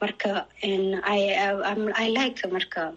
marka uh, I like marka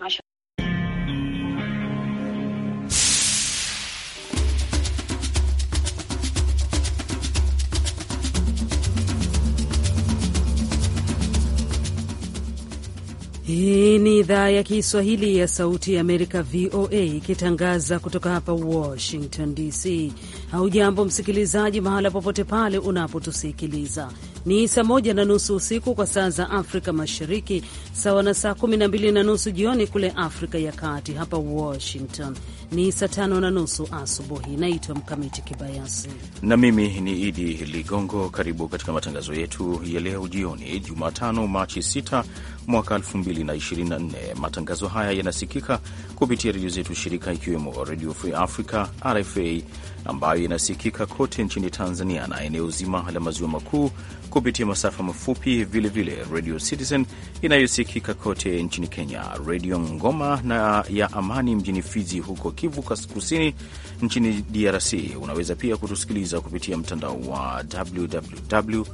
Hii ni idhaa ya Kiswahili ya Sauti ya Amerika, VOA, ikitangaza kutoka hapa Washington DC. Haujambo msikilizaji, mahala popote pale unapotusikiliza. Ni saa moja na nusu usiku kwa saa za Afrika Mashariki, sawa na saa kumi na mbili na nusu jioni kule Afrika ya Kati. Hapa Washington ni saa tano na nusu asubuhi. Naitwa Mkamiti Kibayasi na mimi ni Idi Ligongo. Karibu katika matangazo yetu ya leo jioni, Jumatano Machi 6 mwaka 2024. Matangazo haya yanasikika kupitia redio zetu shirika, ikiwemo Redio Free Africa, RFA ambayo inasikika kote nchini Tanzania na eneo zima la maziwa makuu kupitia masafa mafupi, vilevile Radio Citizen inayosikika kote nchini Kenya, Redio Ngoma na ya Amani mjini Fizi huko Kivu Kusini nchini DRC. Unaweza pia kutusikiliza kupitia mtandao wa www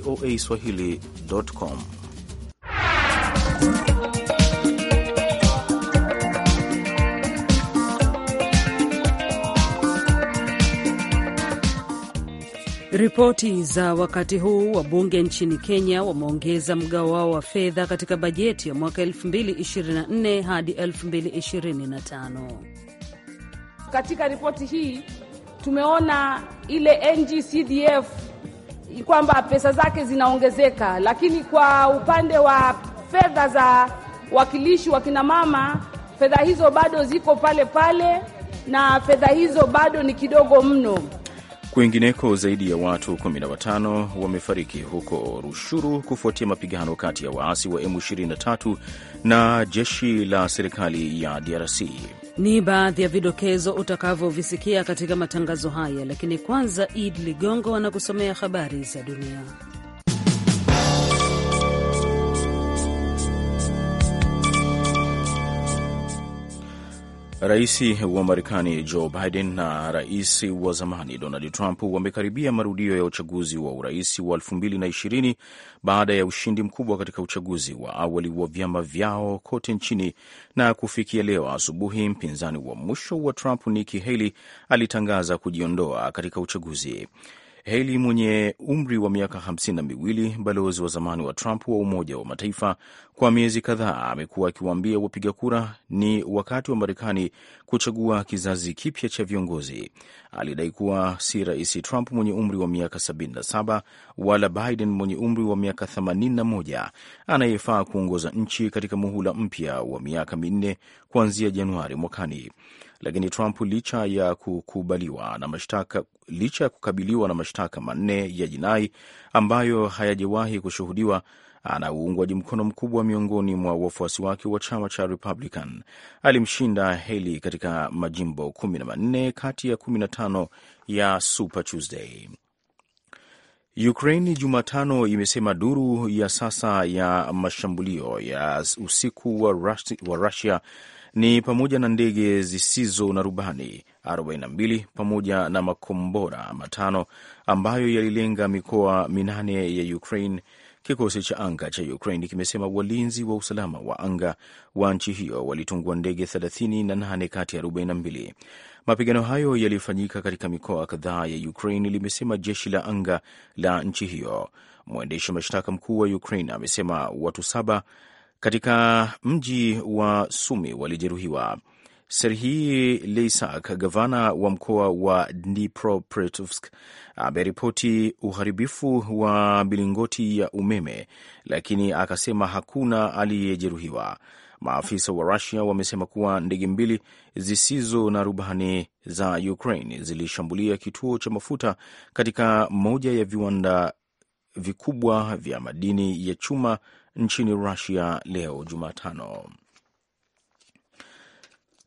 voa swahili.com. Ripoti za wakati huu, wabunge nchini Kenya wameongeza mgao wao wa fedha katika bajeti ya mwaka 2024 hadi 2025. Katika ripoti hii tumeona ile NGCDF kwamba pesa zake zinaongezeka, lakini kwa upande wa fedha za wakilishi wa kinamama, fedha hizo bado ziko pale pale, na fedha hizo bado ni kidogo mno. Kwingineko, zaidi ya watu 15 wamefariki huko Rushuru kufuatia mapigano kati ya waasi wa M23 na jeshi la serikali ya DRC. Ni baadhi ya vidokezo utakavyovisikia katika matangazo haya, lakini kwanza Id Ligongo anakusomea habari za dunia. Rais wa Marekani Joe Biden na rais wa zamani Donald Trump wamekaribia marudio ya uchaguzi wa urais wa 2020 baada ya ushindi mkubwa katika uchaguzi wa awali wa vyama vyao kote nchini, na kufikia leo asubuhi, mpinzani wa mwisho wa Trump Nikki Haley alitangaza kujiondoa katika uchaguzi. Haley mwenye umri wa miaka hamsini na miwili, balozi wa zamani wa Trump wa Umoja wa Mataifa kwa miezi kadhaa, amekuwa akiwaambia wapiga kura ni wakati wa Marekani kuchagua kizazi kipya cha viongozi. Alidai kuwa si Rais Trump mwenye umri wa miaka 77 wala Biden mwenye umri wa miaka 81 anayefaa kuongoza nchi katika muhula mpya wa miaka minne kuanzia Januari mwakani lakini Trump licha ya kukubaliwa na mashtaka, licha ya kukabiliwa na mashtaka manne ya jinai ambayo hayajawahi kushuhudiwa ana uungwaji mkono mkubwa miongoni mwa wafuasi wake wa chama cha Republican. Alimshinda Haley katika majimbo kumi na manne kati ya kumi na tano ya Super Tuesday. Ukraine Jumatano imesema duru ya sasa ya mashambulio ya usiku wa Russia ni pamoja na ndege zisizo na rubani 42 pamoja na makombora matano ambayo yalilenga mikoa minane ya Ukraine. Kikosi cha anga cha Ukraine kimesema walinzi wa usalama wa anga wa nchi hiyo walitungua ndege 38 kati ya 42. Mapigano hayo yalifanyika katika mikoa kadhaa ya Ukraine, limesema jeshi la anga la nchi hiyo. Mwendesha mashtaka mkuu wa Ukraine amesema watu saba katika mji wa Sumi walijeruhiwa. Serhii Leisak, gavana wa mkoa wa Dnipropetrovsk, ameripoti uharibifu wa milingoti ya umeme, lakini akasema hakuna aliyejeruhiwa. Maafisa wa Rusia wamesema kuwa ndege mbili zisizo na rubani za Ukraine zilishambulia kituo cha mafuta katika moja ya viwanda vikubwa vya madini ya chuma nchini Rusia leo Jumatano.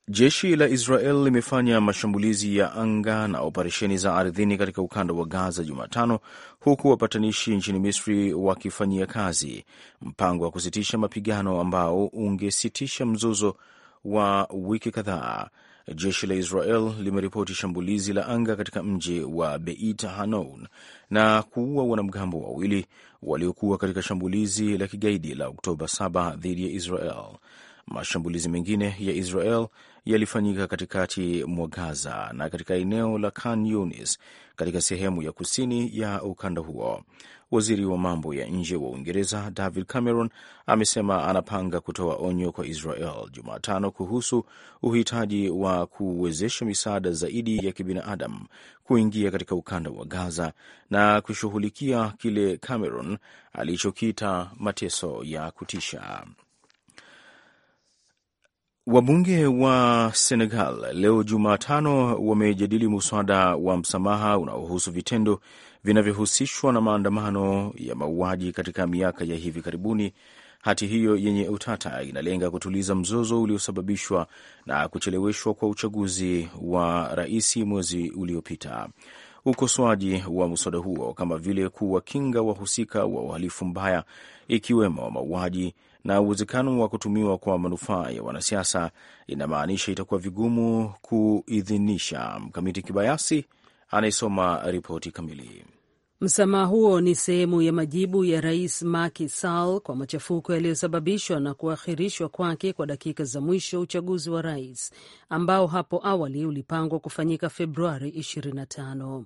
Jeshi la Israel limefanya mashambulizi ya anga na operesheni za ardhini katika ukanda wa Gaza Jumatano, huku wapatanishi nchini Misri wakifanyia kazi mpango wa kusitisha mapigano ambao ungesitisha mzozo wa wiki kadhaa Jeshi la Israel limeripoti shambulizi la anga katika mji wa Beit Hanoun na kuua wanamgambo wawili waliokuwa katika shambulizi la kigaidi la Oktoba 7 dhidi ya Israel. Mashambulizi mengine ya Israel yalifanyika katikati mwa Gaza na katika eneo la Khan Yunis katika sehemu ya kusini ya ukanda huo waziri wa mambo ya nje wa Uingereza David Cameron amesema anapanga kutoa onyo kwa Israel Jumatano kuhusu uhitaji wa kuwezesha misaada zaidi ya kibinadamu kuingia katika ukanda wa Gaza na kushughulikia kile Cameron alichokita mateso ya kutisha. Wabunge wa Senegal leo Jumatano wamejadili muswada wa msamaha unaohusu vitendo vinavyohusishwa na maandamano ya mauaji katika miaka ya hivi karibuni. Hati hiyo yenye utata inalenga kutuliza mzozo uliosababishwa na kucheleweshwa kwa uchaguzi wa rais mwezi uliopita. Ukosoaji wa muswada huo kama vile kuwakinga wahusika wa uhalifu mbaya ikiwemo mauaji na uwezekano wa kutumiwa kwa manufaa ya wanasiasa, inamaanisha itakuwa vigumu kuidhinisha. Mkamiti Kibayasi anayesoma ripoti kamili. Msamaha huo ni sehemu ya majibu ya rais Macky Sall kwa machafuko yaliyosababishwa na kuahirishwa kwake kwa dakika za mwisho uchaguzi wa rais ambao hapo awali ulipangwa kufanyika Februari 25.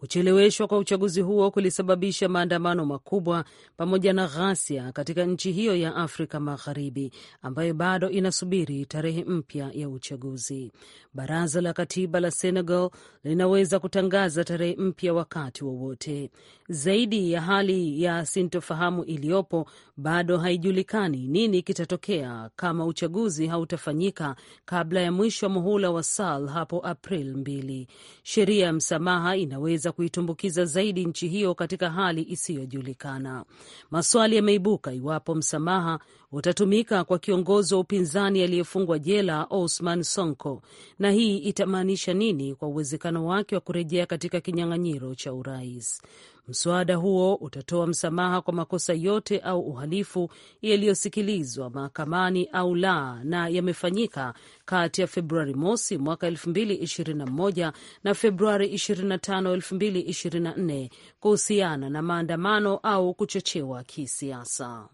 Kucheleweshwa kwa uchaguzi huo kulisababisha maandamano makubwa pamoja na ghasia katika nchi hiyo ya Afrika Magharibi ambayo bado inasubiri tarehe mpya ya uchaguzi. Baraza la Katiba la Senegal linaweza kutangaza tarehe mpya wakati wowote. Zaidi ya hali ya sintofahamu iliyopo, bado haijulikani nini kitatokea kama uchaguzi hautafanyika kabla ya mwisho wa muhula wa Sall hapo April mbili Sheria ya msamaha inaweza kuweza kuitumbukiza zaidi nchi hiyo katika hali isiyojulikana. Maswali yameibuka iwapo msamaha utatumika kwa kiongozi wa upinzani aliyefungwa jela Osman Sonko, na hii itamaanisha nini kwa uwezekano wake wa kurejea katika kinyang'anyiro cha urais. Mswada huo utatoa msamaha kwa makosa yote au uhalifu yaliyosikilizwa mahakamani au la na yamefanyika kati ya Februari mosi mwaka 2021 na Februari 25, 2024 kuhusiana na maandamano au kuchochewa kisiasa.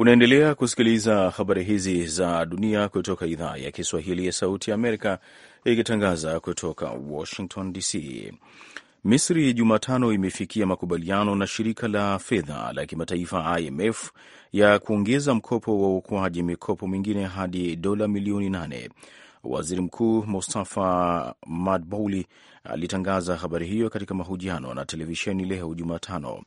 Unaendelea kusikiliza habari hizi za dunia kutoka idhaa ya Kiswahili ya Sauti ya Amerika ikitangaza kutoka Washington DC. Misri Jumatano imefikia makubaliano na shirika la fedha la kimataifa IMF ya kuongeza mkopo wa uokoaji mikopo mingine hadi dola milioni nane. Waziri Mkuu Mustafa Madbouli alitangaza habari hiyo katika mahojiano na televisheni leo Jumatano.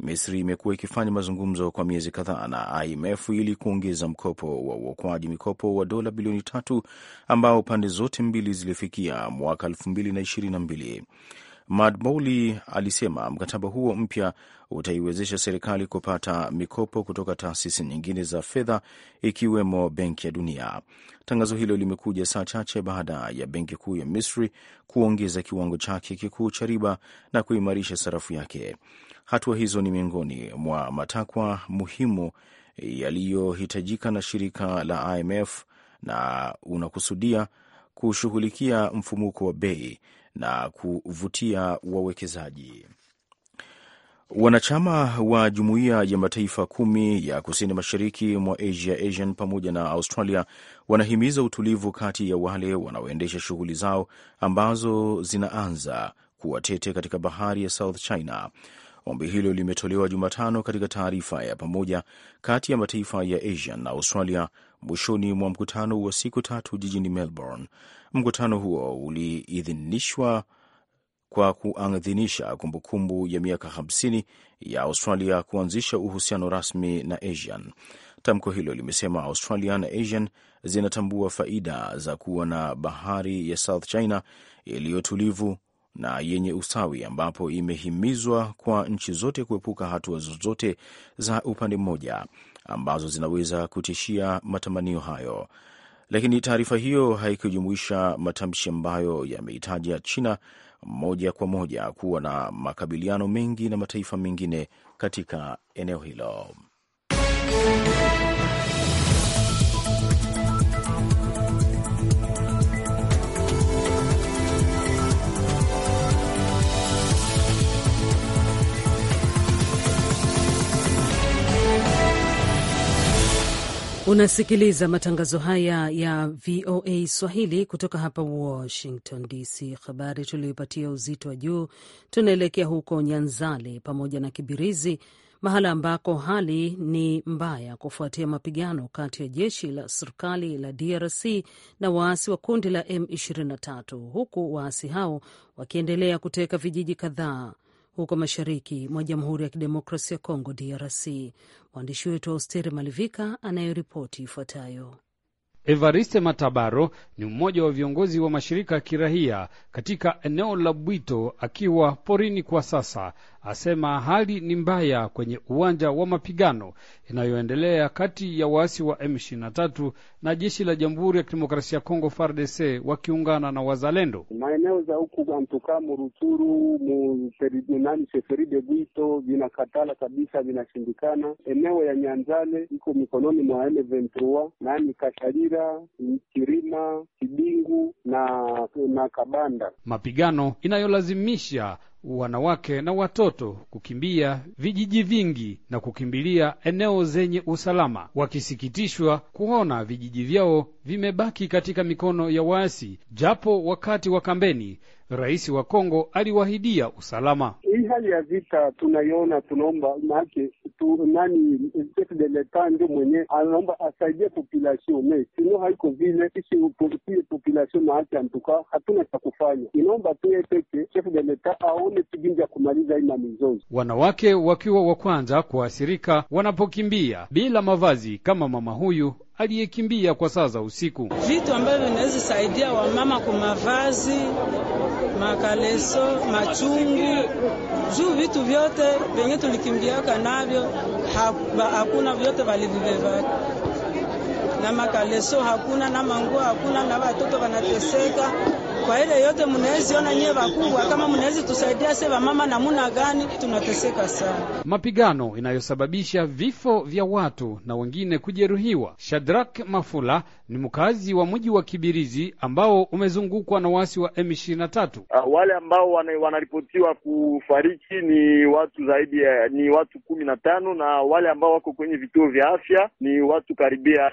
Misri imekuwa ikifanya mazungumzo kwa miezi kadhaa na IMF ili kuongeza mkopo wa uokoaji mikopo wa dola bilioni tatu ambao pande zote mbili zilifikia mwaka elfu mbili na ishirini na mbili. Madmouli alisema mkataba huo mpya utaiwezesha serikali kupata mikopo kutoka taasisi nyingine za fedha ikiwemo Benki ya Dunia. Tangazo hilo limekuja saa chache baada ya Benki Kuu ya Misri kuongeza kiwango chake kikuu cha riba na kuimarisha sarafu yake. Hatua hizo ni miongoni mwa matakwa muhimu yaliyohitajika na shirika la IMF na unakusudia kushughulikia mfumuko wa bei na kuvutia wawekezaji. Wanachama wa jumuiya ya mataifa kumi ya kusini mashariki mwa Asia, ASEAN pamoja na Australia wanahimiza utulivu kati ya wale wanaoendesha shughuli zao ambazo zinaanza kuwa tete katika bahari ya South China. Ombi hilo limetolewa Jumatano katika taarifa ya pamoja kati ya mataifa ya ASEAN na Australia mwishoni mwa mkutano wa siku tatu jijini Melbourne. Mkutano huo uliidhinishwa kwa kuadhinisha kumbukumbu ya miaka 50 ya Australia kuanzisha uhusiano rasmi na ASEAN. Tamko hilo limesema Australia na ASEAN zinatambua faida za kuwa na bahari ya South China iliyotulivu na yenye usawi, ambapo imehimizwa kwa nchi zote kuepuka hatua zozote za upande mmoja ambazo zinaweza kutishia matamanio hayo. Lakini taarifa hiyo haikujumuisha matamshi ambayo yameitaja China moja kwa moja kuwa na makabiliano mengi na mataifa mengine katika eneo hilo. Unasikiliza matangazo haya ya VOA Swahili kutoka hapa Washington DC. Habari tuliyoipatia uzito wa juu, tunaelekea huko Nyanzale pamoja na Kibirizi, mahala ambako hali ni mbaya kufuatia mapigano kati ya jeshi la serikali la DRC na waasi wa kundi la M23, huku waasi hao wakiendelea kuteka vijiji kadhaa huko mashariki mwa Jamhuri ya Kidemokrasi ya Kongo, DRC. Mwandishi wetu wa Austere Malivika anayeripoti ifuatayo. Evariste Matabaro ni mmoja wa viongozi wa mashirika ya kirahia katika eneo la Bwito akiwa porini kwa sasa asema hali ni mbaya kwenye uwanja wa mapigano inayoendelea kati ya waasi wa M23 na jeshi la Jamhuri ya Kidemokrasia ya Kongo FARDC wakiungana na wazalendo maeneo za huku Bantukamu, Rutshuru, muteridinani Sheferi de Bwito vinakatala kabisa, vinashindikana. Eneo ya Nyanzale iko mikononi mwa M23, nani Kasharira, Kirima, Kibingu na, na Kabanda, mapigano inayolazimisha wanawake na watoto kukimbia vijiji vingi na kukimbilia eneo zenye usalama, wakisikitishwa kuona vijiji vyao vimebaki katika mikono ya waasi, japo wakati wa kampeni Rais wa Kongo aliwahidia usalama. Hii hali ya vita tunaiona, tunaomba maake tu, nani chef de leta ndio mwenyewe anaomba asaidie population me sino haiko vile sisi population maake antuka hatuna cha kufanya, inaomba tu peke chef de leta aone kijinji ya kumaliza ina mizozo. Wanawake wakiwa wa kwanza kuathirika wanapokimbia bila mavazi kama mama huyu aliyekimbia kwa saa za usiku. Vitu ambavyo vinaweza saidia wamama kwa mavazi, makaleso, machungu juu vitu vyote vyenye tulikimbiaka navyo hakuna, vyote valivivevaka na makaleso hakuna, na manguo hakuna, na watoto wanateseka kwa ile yote mnaezi ona nyewe wakubwa, kama mnaezi tusaidia sasa mama namuna gani, tunateseka sana. Mapigano inayosababisha vifo vya watu na wengine kujeruhiwa. Shadrak Mafula ni mkazi wa mji wa Kibirizi ambao umezungukwa na wasi wa M23. Uh, ah, wale ambao wanaripotiwa kufariki ni watu zaidi ya ni watu kumi na tano na wale ambao wako kwenye vituo vya afya ni watu karibia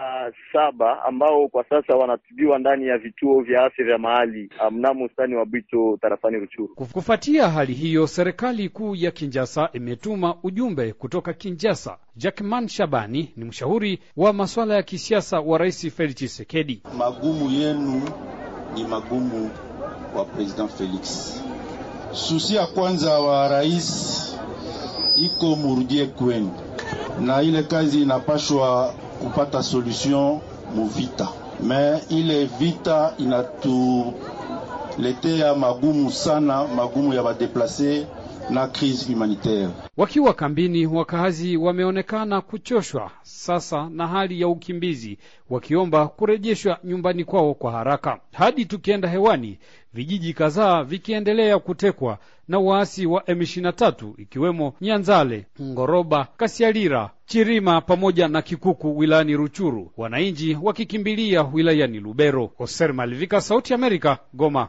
saba ambao kwa sasa wanatibiwa ndani ya vituo vya afya vya mahali Ah, mnamo ustani wa Bicho tarafani Ruchuru. Kufuatia hali hiyo, serikali kuu ya Kinjasa imetuma ujumbe kutoka Kinjasa. Jackman Shabani ni mshauri wa masuala ya kisiasa wa Rais Felix Tshisekedi. Magumu yenu ni magumu wa President Felix. Susi ya kwanza wa rais iko murudie kwenu, na ile kazi inapashwa kupata solution muvita, me ile vita inatu letea magumu sana magumu ya wadeplase na krizi humanitaire. Wakiwa kambini, wakazi wameonekana kuchoshwa sasa na hali ya ukimbizi, wakiomba kurejeshwa nyumbani kwao kwa haraka. Hadi tukienda hewani, vijiji kadhaa vikiendelea kutekwa na waasi wa M23 ikiwemo Nyanzale, Ngoroba, Kasialira, Chirima pamoja na Kikuku wilayani Ruchuru, wananchi wakikimbilia wilayani Lubero. Oser Malivika, Sauti Amerika, Goma.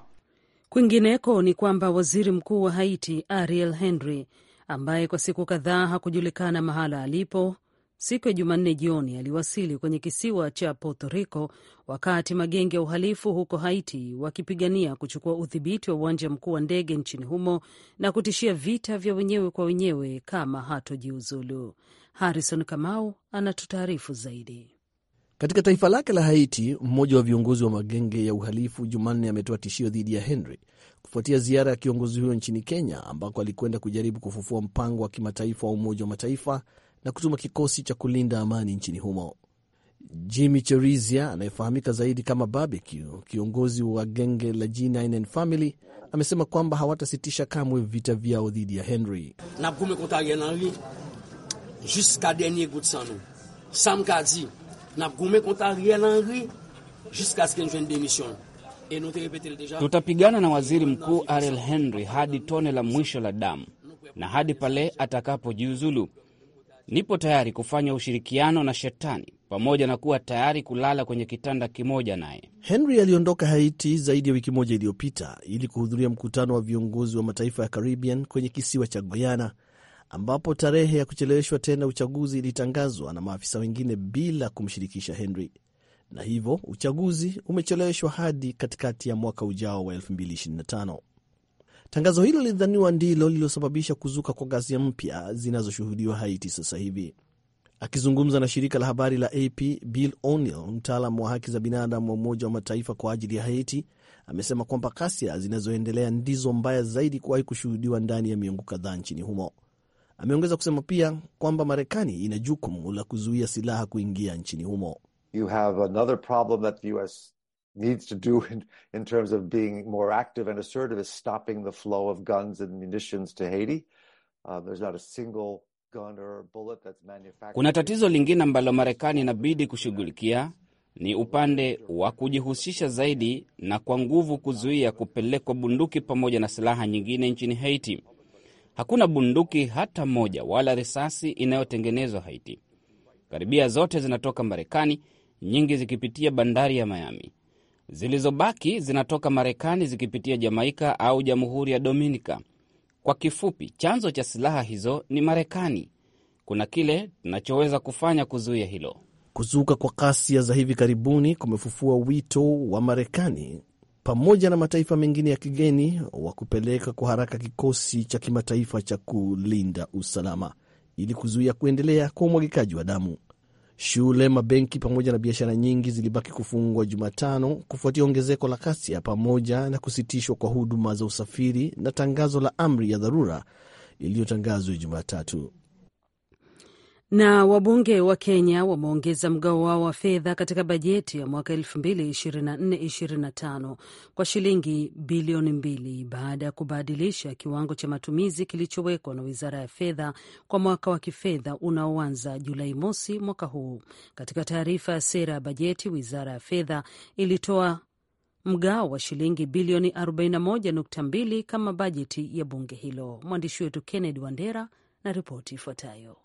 Kwingineko ni kwamba waziri mkuu wa Haiti Ariel Henry, ambaye kwa siku kadhaa hakujulikana mahala alipo, siku ya Jumanne jioni aliwasili kwenye kisiwa cha Puerto Rico wakati magenge ya uhalifu huko Haiti wakipigania kuchukua udhibiti wa uwanja mkuu wa ndege nchini humo na kutishia vita vya wenyewe kwa wenyewe kama hatojiuzulu. Harrison Kamau anatutaarifu zaidi. Katika taifa lake la Haiti, mmoja wa viongozi wa magenge ya uhalifu Jumanne ametoa tishio dhidi ya Henry kufuatia ziara ya kiongozi huyo nchini Kenya, ambako alikwenda kujaribu kufufua mpango wa kimataifa wa Umoja wa Mataifa na kutuma kikosi cha kulinda amani nchini humo. Jimmy Cherizia anayefahamika zaidi kama Barbecue, kiongozi wa genge la G9 and Family, amesema kwamba hawatasitisha kamwe vita vyao dhidi ya Henry. Tutapigana na waziri mkuu Ariel Henry hadi tone la mwisho la damu na hadi pale atakapojiuzulu. Nipo tayari kufanya ushirikiano na shetani pamoja na kuwa tayari kulala kwenye kitanda kimoja naye. Henry aliondoka Haiti zaidi ya wiki moja iliyopita ili kuhudhuria mkutano wa viongozi wa mataifa ya Caribbean kwenye kisiwa cha Guyana ambapo tarehe ya kucheleweshwa tena uchaguzi ilitangazwa na maafisa wengine bila kumshirikisha Henry na hivyo uchaguzi umecheleweshwa hadi katikati ya mwaka ujao wa 2025. Tangazo hilo lilidhaniwa ndilo lililosababisha kuzuka kwa ghasia mpya zinazoshuhudiwa Haiti sasa hivi. Akizungumza na shirika la habari la AP, Bill O'Neill, mtaalam wa haki za binadamu wa Umoja wa Mataifa kwa ajili ya Haiti, amesema kwamba ghasia zinazoendelea ndizo mbaya zaidi kuwahi kushuhudiwa ndani ya miongo kadhaa nchini humo. Ameongeza kusema pia kwamba Marekani ina jukumu la kuzuia silaha kuingia nchini humo. You have another problem that the US needs to do in, in terms of being more active and assertive is stopping the flow of guns and munitions to Haiti. Uh, there's not a single gun or bullet that's manufactured. Kuna tatizo lingine ambalo Marekani inabidi kushughulikia ni upande wa kujihusisha zaidi na kwa nguvu kuzuia kupelekwa bunduki pamoja na silaha nyingine nchini Haiti. Hakuna bunduki hata moja wala risasi inayotengenezwa Haiti. Karibia zote zinatoka Marekani, nyingi zikipitia bandari ya Miami. Zilizobaki zinatoka Marekani zikipitia Jamaika au jamhuri ya Dominika. Kwa kifupi, chanzo cha silaha hizo ni Marekani. Kuna kile tunachoweza kufanya kuzuia hilo. Kuzuka kwa ghasia za hivi karibuni kumefufua wito wa Marekani pamoja na mataifa mengine ya kigeni wa kupeleka kwa haraka kikosi cha kimataifa cha kulinda usalama ili kuzuia kuendelea kwa umwagikaji wa damu. Shule, mabenki pamoja na biashara nyingi zilibaki kufungwa Jumatano kufuatia ongezeko la kasi ya pamoja na kusitishwa kwa huduma za usafiri na tangazo la amri ya dharura iliyotangazwa Jumatatu. Na wabunge wa Kenya wameongeza mgao wao wa fedha katika bajeti ya mwaka 2024 kwa shilingi bilioni mbili baada ya kubadilisha kiwango cha matumizi kilichowekwa na wizara ya fedha kwa mwaka wa kifedha unaoanza Julai mosi mwaka huu. Katika taarifa ya sera ya bajeti, wizara ya fedha ilitoa mgao wa shilingi bilioni 41.2 kama bajeti ya bunge hilo. Mwandishi wetu Kennedy Wandera na ripoti ifuatayo.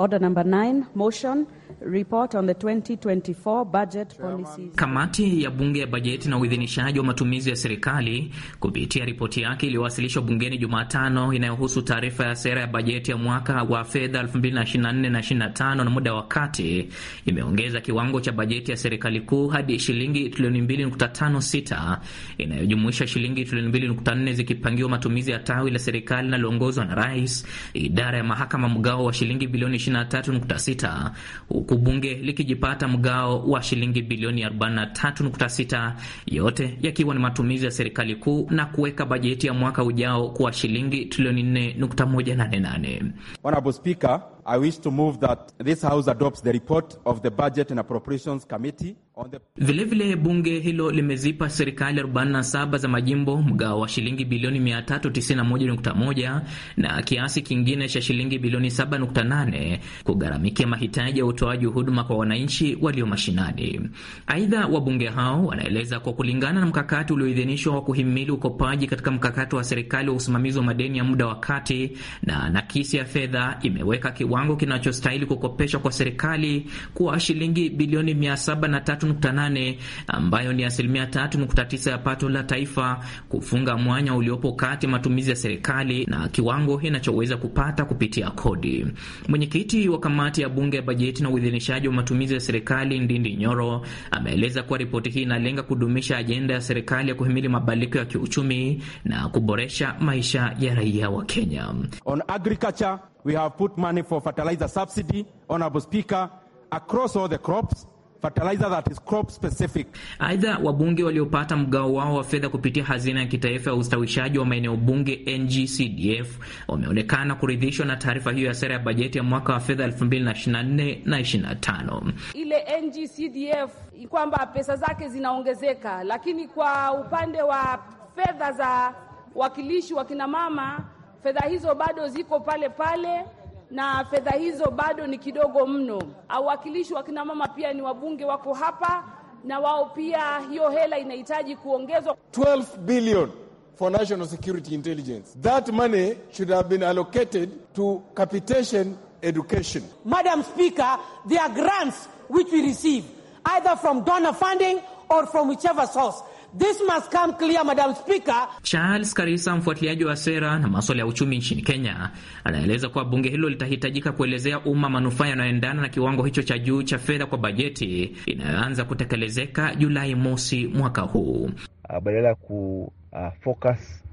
Order number nine, motion, report on the 2024 budget policies. Kamati ya bunge ya bajeti na uidhinishaji wa matumizi ya serikali kupitia ripoti yake iliyowasilishwa bungeni Jumatano inayohusu taarifa ya sera ya bajeti ya mwaka wa fedha 2024 na 25 na muda wa kati imeongeza kiwango cha bajeti ya serikali kuu hadi shilingi trilioni 2.56 inayojumuisha shilingi trilioni 2.4 zikipangiwa matumizi ya tawi la serikali linaloongozwa na rais, idara ya mahakama, mgao wa shilingi bilioni 23.6 huku bunge likijipata mgao wa shilingi bilioni 43.6, yote yakiwa ni matumizi ya serikali kuu na kuweka bajeti ya mwaka ujao kuwa shilingi trilioni 4.188. Honorable Speaker I wish to move that this house adopts the report of the Budget and Appropriations Committee on the... Vilevile bunge hilo limezipa serikali 47 za majimbo mgao wa shilingi bilioni 391.1 na kiasi kingine cha shilingi bilioni 7.8 kugharamikia mahitaji ya utoaji huduma kwa wananchi walio mashinani. Aidha, wabunge hao wanaeleza kwa kulingana na mkakati ulioidhinishwa wa kuhimili ukopaji katika mkakati wa serikali wa usimamizi wa madeni ya muda wa kati na nakisi ya fedha imeweka kiwango kiwango kinachostahili kukopeshwa kwa serikali kuwa shilingi bilioni 738 ambayo ni asilimia 3.9 ya pato la taifa, kufunga mwanya uliopo kati ya matumizi ya serikali na kiwango inachoweza kupata kupitia kodi. Mwenyekiti wa kamati ya bunge ya bajeti na uidhinishaji wa matumizi ya serikali Ndindi Nyoro ameeleza kuwa ripoti hii inalenga kudumisha ajenda ya serikali ya kuhimili mabadiliko ya kiuchumi na kuboresha maisha ya raia wa Kenya. On agriculture We have put money for fertilizer subsidy, Honorable Speaker, across all the crops. Aidha, wabunge waliopata mgao wao wa fedha kupitia hazina ya kitaifa ya ustawishaji wa maeneo bunge NGCDF wameonekana kuridhishwa na taarifa hiyo ya sera ya bajeti ya mwaka wa fedha 2024 na 25. Ile NGCDF kwamba pesa zake zinaongezeka, lakini kwa upande wa fedha za wakilishi wa kinamama Fedha hizo bado ziko pale pale na fedha hizo bado ni kidogo mno. Awakilishi wa kina mama pia ni wabunge wako hapa, na wao pia hiyo hela inahitaji kuongezwa 12 billion for national security intelligence. That money should have been allocated to capitation education. Madam Speaker, there are grants which we receive either from donor funding or from whichever source. This must come clear, Madam Speaker. Charles Karisa, mfuatiliaji wa sera na maswala ya uchumi nchini Kenya, anaeleza kuwa bunge hilo litahitajika kuelezea umma manufaa yanayoendana na kiwango hicho cha juu cha fedha kwa bajeti inayoanza kutekelezeka Julai mosi mwaka huu ah, badala ya ku uh, focus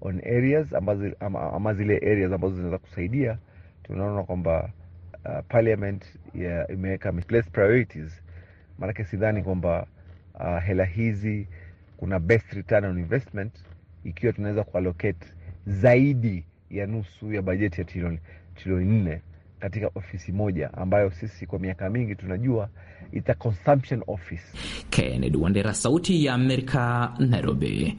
on areas ambazo ama, ama zile areas ambazo zinaweza kusaidia, tunaona kwamba uh, parliament imeweka misplaced priorities. Maanake sidhani kwamba uh, hela hizi kuna best return on investment, ikiwa tunaweza kualocate zaidi ya nusu ya bajeti ya trilioni trilioni nne katika ofisi moja ambayo sisi kwa miaka mingi tunajua ita consumption office. Kennedy Wandera, Sauti ya Amerika, Nairobi.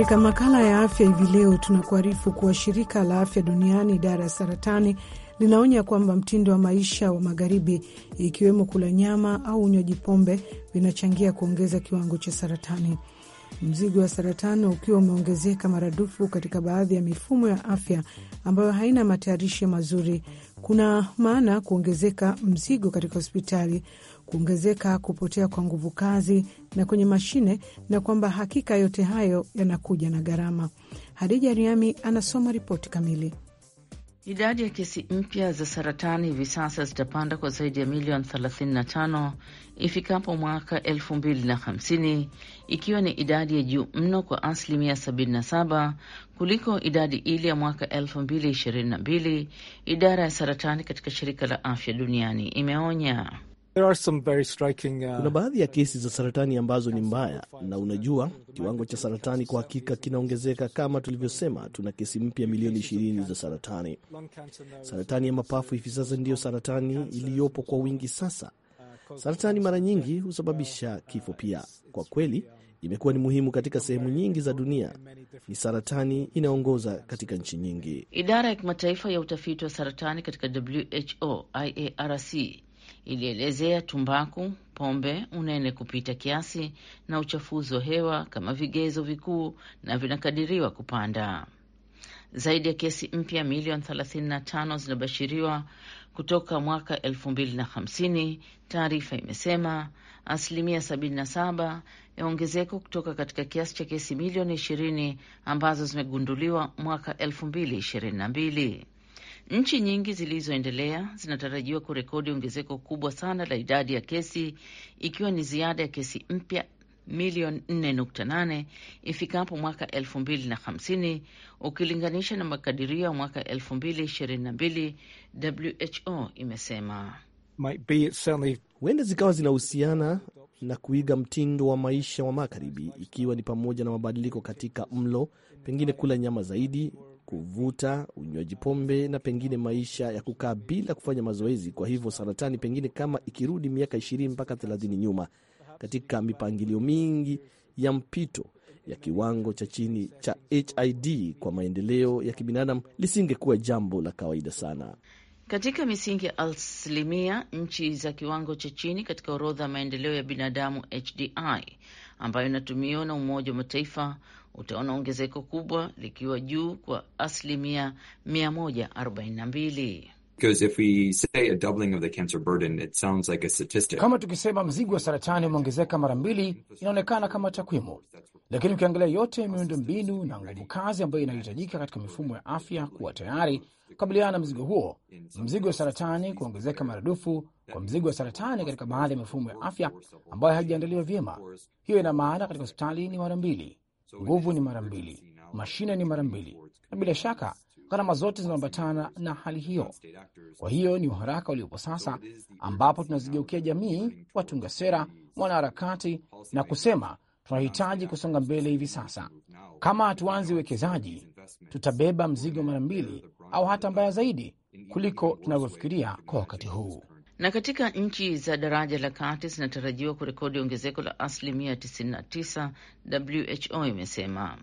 Katika makala ya afya hivi leo, tunakuarifu kuwa shirika la afya duniani idara ya saratani linaonya kwamba mtindo wa maisha wa magharibi ikiwemo kula nyama au unywaji pombe vinachangia kuongeza kiwango cha saratani. Mzigo wa saratani ukiwa umeongezeka maradufu katika baadhi ya mifumo ya afya ambayo haina matayarishi mazuri, kuna maana kuongezeka mzigo katika hospitali, kuongezeka kupotea kwa nguvu kazi na kwenye mashine, na kwamba hakika yote hayo yanakuja na gharama. Hadija Riami anasoma ripoti kamili. Idadi ya kesi mpya za saratani hivi sasa zitapanda kwa zaidi ya milioni 35 ifikapo mwaka 2050 ikiwa ni idadi ya juu mno kwa asilimia 77 kuliko idadi ile ya mwaka 2022, idara ya saratani katika shirika la afya duniani imeonya. There are some very striking, uh, kuna baadhi ya kesi za saratani ambazo ni mbaya, na unajua kiwango cha saratani kwa hakika kinaongezeka. Kama tulivyosema, tuna kesi mpya milioni ishirini za saratani. Saratani ya mapafu hivi sasa ndiyo saratani iliyopo kwa wingi sasa. Saratani mara nyingi husababisha kifo pia. Kwa kweli imekuwa ni muhimu katika sehemu nyingi za dunia. Ni saratani inaongoza katika nchi nyingi. Idara ya kimataifa ya utafiti wa saratani katika WHO IARC ilielezea tumbaku, pombe, unene kupita kiasi na uchafuzi wa hewa kama vigezo vikuu na vinakadiriwa kupanda. Zaidi ya kesi mpya milioni 35 zinabashiriwa kutoka mwaka 2050, taarifa imesema, asilimia 77 ya ongezeko kutoka katika kiasi cha kesi milioni 20 ambazo zimegunduliwa mwaka 2022. Nchi nyingi zilizoendelea zinatarajiwa kurekodi ongezeko kubwa sana la idadi ya kesi ikiwa ni ziada ya kesi mpya milioni 4.8 ifikapo mwaka 2050 ukilinganisha na makadirio ya mwaka 2022, WHO imesema. Huenda zikawa zinahusiana na kuiga mtindo wa maisha wa magharibi, ikiwa ni pamoja na mabadiliko katika mlo, pengine kula nyama zaidi, kuvuta, unywaji pombe na pengine maisha ya kukaa bila kufanya mazoezi. Kwa hivyo saratani pengine kama ikirudi miaka 20 mpaka thelathini nyuma katika mipangilio mingi ya mpito ya kiwango cha chini cha HID kwa maendeleo ya kibinadamu lisingekuwa jambo la kawaida sana. Katika misingi ya asilimia nchi za kiwango cha chini katika orodha ya maendeleo ya binadamu HDI ambayo inatumiwa na Umoja wa Mataifa utaona ongezeko kubwa likiwa juu kwa asilimia 142. Kama tukisema mzigo wa saratani umeongezeka mara mbili, inaonekana kama takwimu, lakini ukiangalia yote miundo mbinu na nguvu kazi ambayo inahitajika katika mifumo ya afya kuwa tayari kukabiliana na mzigo huo, mzigo wa saratani kuongezeka maradufu kwa mzigo wa saratani katika baadhi ya mifumo ya afya ambayo haijaandaliwa vyema. Hiyo ina maana katika hospitali ni mara mbili nguvu ni mara mbili, mashine ni mara mbili, na bila shaka gharama zote zinaambatana na hali hiyo. Kwa hiyo ni uharaka uliopo sasa, ambapo tunazigeukia jamii, watunga sera, mwanaharakati na kusema tunahitaji kusonga mbele hivi sasa. Kama hatuanzi uwekezaji, tutabeba mzigo mara mbili au hata mbaya zaidi kuliko tunavyofikiria kwa wakati huu na katika nchi za daraja la kati zinatarajiwa kurekodi ongezeko la asilimia 99, WHO imesema.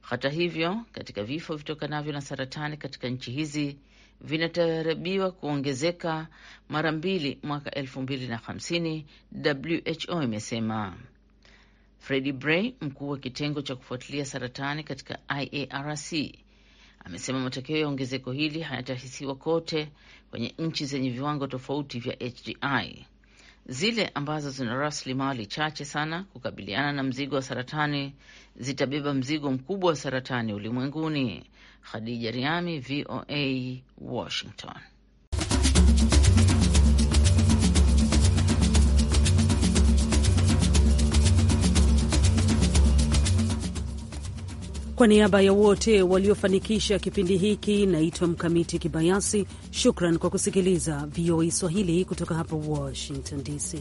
Hata hivyo, katika vifo vitokanavyo na saratani katika nchi hizi vinatarajiwa kuongezeka mara mbili mwaka 2050, WHO imesema. Fredi Bray, mkuu wa kitengo cha kufuatilia saratani katika IARC, amesema matokeo ya ongezeko hili hayatahisiwa kote kwenye nchi zenye viwango tofauti vya HDI, zile ambazo zina rasilimali chache sana kukabiliana na mzigo wa saratani zitabeba mzigo mkubwa wa saratani ulimwenguni. Khadija Riami, VOA, Washington. Kwa niaba ya wote waliofanikisha kipindi hiki, naitwa Mkamiti Kibayasi. Shukran kwa kusikiliza VOA Swahili kutoka hapa Washington DC.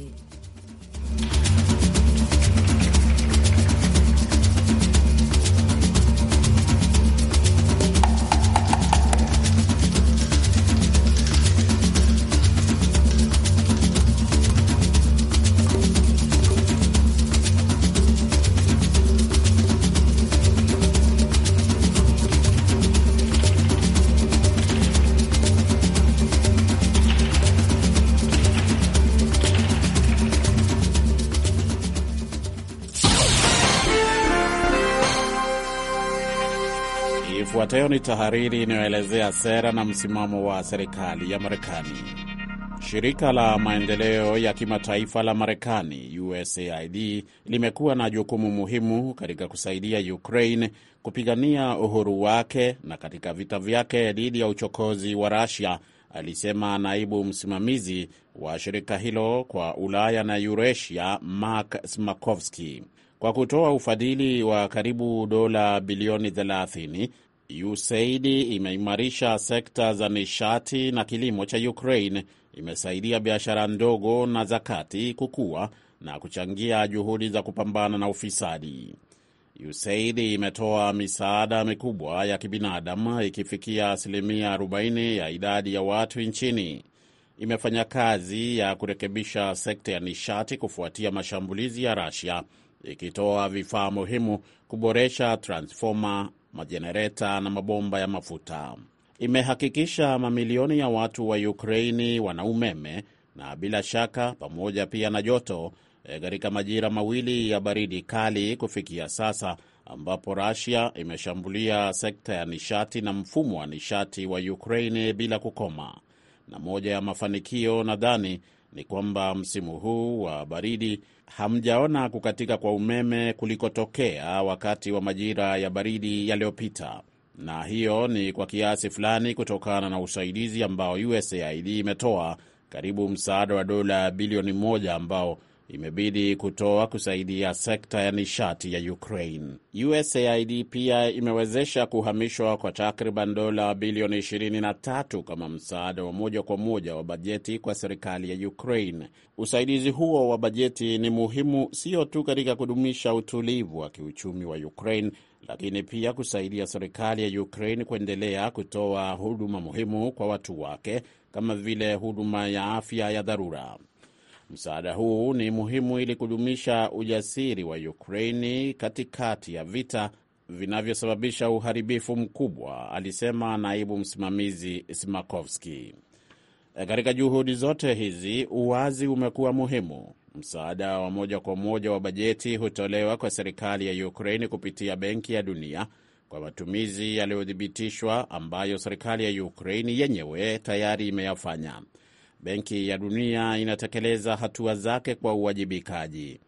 Ifuatayo ni tahariri inayoelezea sera na msimamo wa serikali ya Marekani. Shirika la maendeleo ya kimataifa la Marekani, USAID, limekuwa na jukumu muhimu katika kusaidia Ukraine kupigania uhuru wake na katika vita vyake dhidi ya uchokozi wa Rusia, alisema naibu msimamizi wa shirika hilo kwa Ulaya na Eurasia, Mark Smakovsky. Kwa kutoa ufadhili wa karibu dola bilioni 30 USAID imeimarisha sekta za nishati na kilimo cha Ukraine, imesaidia biashara ndogo na za kati kukua na kuchangia juhudi za kupambana na ufisadi. USAID imetoa misaada mikubwa ya kibinadamu ikifikia asilimia 40 ya idadi ya watu nchini. Imefanya kazi ya kurekebisha sekta ya nishati kufuatia mashambulizi ya Russia, ikitoa vifaa muhimu kuboresha transfoma majenereta na mabomba ya mafuta. Imehakikisha mamilioni ya watu wa Ukraini wana umeme na bila shaka, pamoja pia na joto eh, katika majira mawili ya baridi kali kufikia sasa, ambapo Russia imeshambulia sekta ya nishati na mfumo wa nishati wa Ukraini bila kukoma. Na moja ya mafanikio nadhani ni kwamba msimu huu wa baridi hamjaona kukatika kwa umeme kulikotokea wakati wa majira ya baridi yaliyopita, na hiyo ni kwa kiasi fulani kutokana na usaidizi ambao USAID imetoa karibu msaada wa dola bilioni moja ambao imebidi kutoa kusaidia sekta ya nishati ya Ukraine. USAID pia imewezesha kuhamishwa kwa takriban dola bilioni 23 kama msaada wa moja kwa moja wa bajeti kwa serikali ya Ukraine. Usaidizi huo wa bajeti ni muhimu sio tu katika kudumisha utulivu wa kiuchumi wa Ukraine, lakini pia kusaidia serikali ya Ukraine kuendelea kutoa huduma muhimu kwa watu wake kama vile huduma ya afya ya dharura. Msaada huu ni muhimu ili kudumisha ujasiri wa Ukraini katikati ya vita vinavyosababisha uharibifu mkubwa, alisema naibu msimamizi Smakovski. Katika juhudi zote hizi, uwazi umekuwa muhimu. Msaada wa moja kwa moja wa bajeti hutolewa kwa serikali ya Ukraini kupitia Benki ya Dunia kwa matumizi yaliyothibitishwa ambayo serikali ya Ukraini yenyewe tayari imeyafanya. Benki ya Dunia inatekeleza hatua zake kwa uwajibikaji.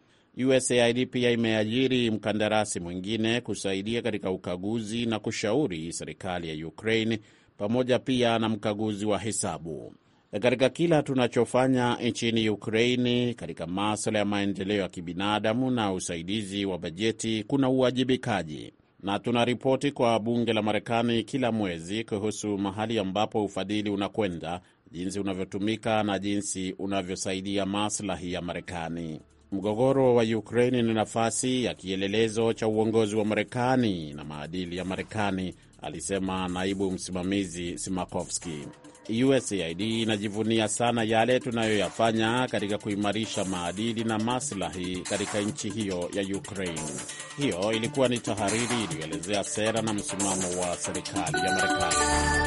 USAID pia imeajiri mkandarasi mwingine kusaidia katika ukaguzi na kushauri serikali ya Ukraine pamoja pia na mkaguzi wa hesabu. Katika kila tunachofanya nchini Ukraini katika maswala ya maendeleo ya kibinadamu na usaidizi wa bajeti, kuna uwajibikaji, na tunaripoti kwa bunge la Marekani kila mwezi kuhusu mahali ambapo ufadhili unakwenda jinsi unavyotumika na jinsi unavyosaidia maslahi ya Marekani. Mgogoro wa Ukraini ni nafasi ya kielelezo cha uongozi wa Marekani na maadili ya Marekani, alisema naibu msimamizi Simakovski. USAID inajivunia sana yale tunayoyafanya katika kuimarisha maadili na maslahi katika nchi hiyo ya Ukraine. Hiyo ilikuwa ni tahariri iliyoelezea sera na msimamo wa serikali ya Marekani.